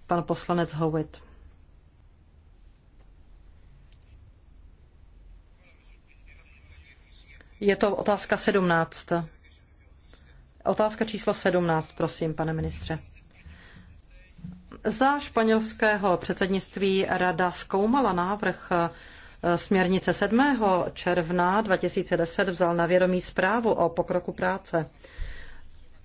pan poslanec Howitt. Je to otázka 17. Otázka číslo 17, prosím, pane ministře. Za španělského předsednictví rada zkoumala návrh eh, směrnice 7. června 2010 vzal na vědomí zprávu o pokroku práce.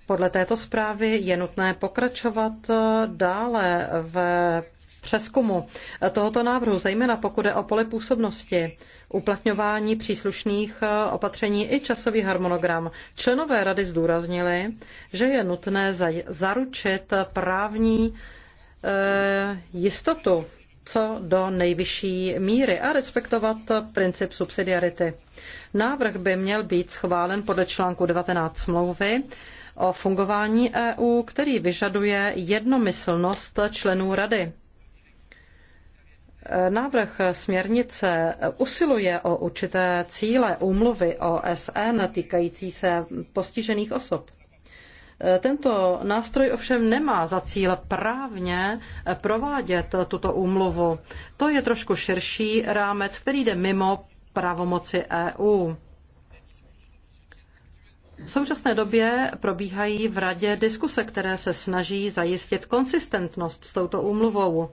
Podle této zprávy je nutné pokračovat eh, dále ve přeskumu eh, tohoto návrhu, zejména pokud je o pole působnosti, uplatňování příslušných opatření i časový harmonogram. Členové rady zdůraznili, že je nutné zaručit právní Eh, jistotu co do nejvyšší míry a respektovat princip subsidiarity. Návrh by měl být schválen podle článku 19 smlouvy o fungování EU, který vyžaduje jednomyslnost členů Rady. Eh, návrh směrnice usiluje o určité cíle úmluvy OSN týkající se postižených osob. Tento nástroj ovšem nemá za cíl právně provádět tuto úmluvu. To je trošku širší rámec, který jde mimo pravomoci EU. V současné době probíhají v Radě diskuse, které se snaží zajistit konsistentnost s touto úmluvou.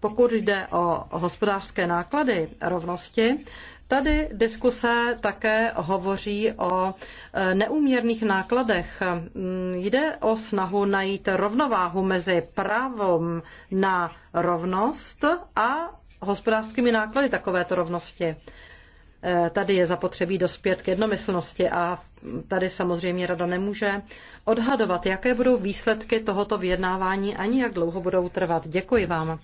Pokud jde o hospodářské náklady rovnosti, Tady diskuse také hovoří o e, neúměrných nákladech. Mm, jde o snahu najít rovnováhu mezi právom na rovnost a hospodářskými náklady takovéto rovnosti. E, tady je zapotřebí dospět k jednomyslnosti a tady samozřejmě rada nemůže odhadovat, jaké budou výsledky tohoto vyjednávání ani jak dlouho budou trvat. Děkuji vám.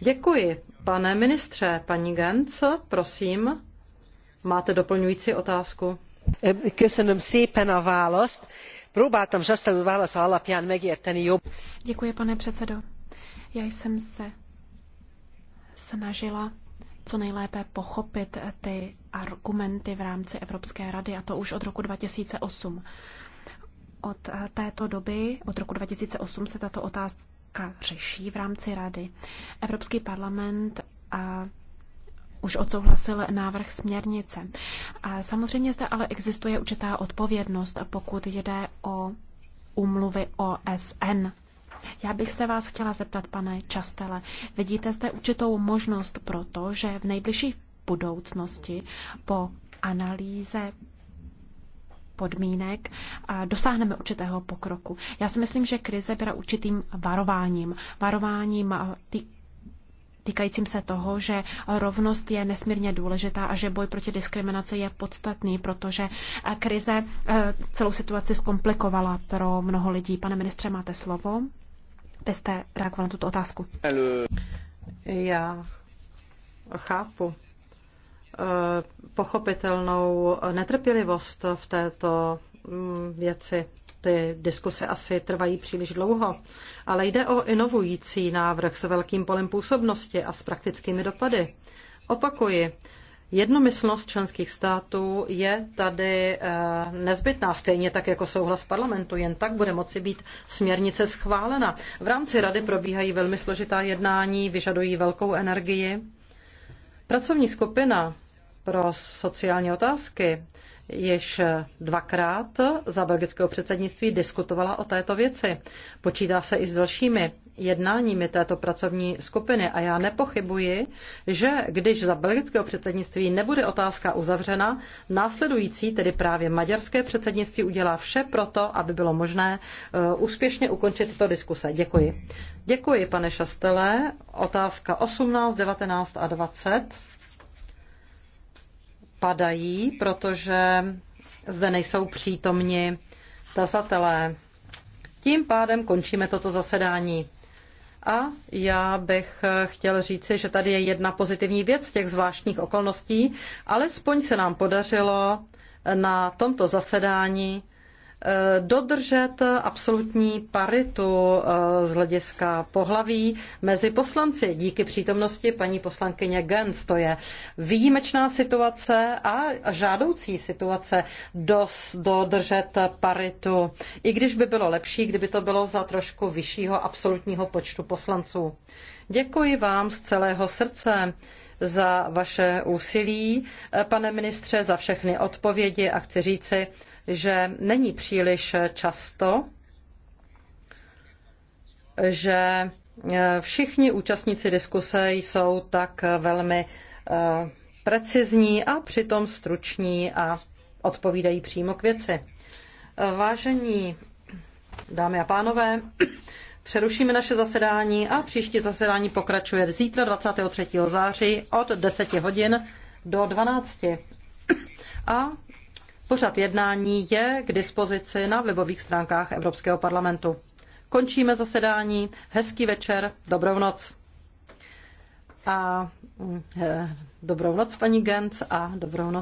Děkuji, pane ministře. Paní Genc, prosím. Máte doplňující otázku? Köszönöm szépen a választ. Próbáltam Zsasztalú válasza alapján megérteni jobb. Děkuji, pane předsedo. Já jsem se snažila co nejlépe pochopit ty argumenty v rámci Evropské rady, a to už od roku 2008. Od eh, této doby, od roku 2008, se tato otázka řeší v rámci rady. Evropský parlament a už odsouhlasil návrh směrnice. A samozřejmě zde ale existuje určitá odpovědnost, pokud jde o umluvy OSN. Já bych se vás chtěla zeptat, pane Častele, vidíte zde určitou možnost pro to, že v nejbližší budoucnosti po analýze podmínek a dosáhneme určitého pokroku. Já si myslím, že krize byla určitým varováním. Varováním týkajícím se toho, že rovnost je nesmírně důležitá a že boj proti diskriminaci je podstatný, protože krize eh, celou situaci zkomplikovala pro mnoho lidí. Pane ministře, máte slovo. Byste reagoval na tuto otázku. Já chápu eh, pochopitelnou netrpělivost v této mm, věci. Ty diskuse asi trvají příliš dlouho, ale jde o inovující návrh s velkým polem působnosti a s praktickými dopady. Opakuji, jednomyslnost členských států je tady eh, nezbytná, stejně tak jako souhlas parlamentu. Jen tak bude moci být směrnice schválena. V rámci rady probíhají velmi složitá jednání, vyžadují velkou energii. Pracovní skupina pro sociální otázky již dvakrát za belgického předsednictví diskutovala o této věci. Počítá se i s dalšími jednáními této pracovní skupiny a já nepochybuji, že když za belgického předsednictví nebude otázka uzavřena, následující, tedy právě maďarské předsednictví, udělá vše proto, aby bylo možné eh, úspěšně ukončit tyto diskuse. Děkuji. Děkuji, pane Šastele. Otázka 18, 19 a 20 padají, protože zde nejsou přítomni tazatelé. Tím pádem končíme toto zasedání. A já bych chtěl říci, že tady je jedna pozitivní věc z těch zvláštních okolností. Alespoň se nám podařilo na tomto zasedání Eh, dodržet absolutní paritu eh, z hlediska pohlaví mezi poslanci. Díky přítomnosti paní poslankyně Gens to je výjimečná situace a žádoucí situace dos, dodržet paritu, i když by bylo lepší, kdyby to bylo za trošku vyššího absolutního počtu poslanců. Děkuji vám z celého srdce za vaše úsilí, eh, pane ministře, za všechny odpovědi a chci říci, že není příliš často, že eh, všichni účastníci diskuse jsou tak eh, velmi eh, precizní a přitom struční a odpovídají přímo k věci. Vážení dámy a pánové, přerušíme naše zasedání a příští zasedání pokračuje zítra 23. září od 10 hodin do 12. A Pořad jednání je k dispozici na webových stránkách Evropského parlamentu. Končíme zasedání. Hezký večer, dobrou noc. A mm, eh, dobrou noc, paní Gens, a dobrou noc.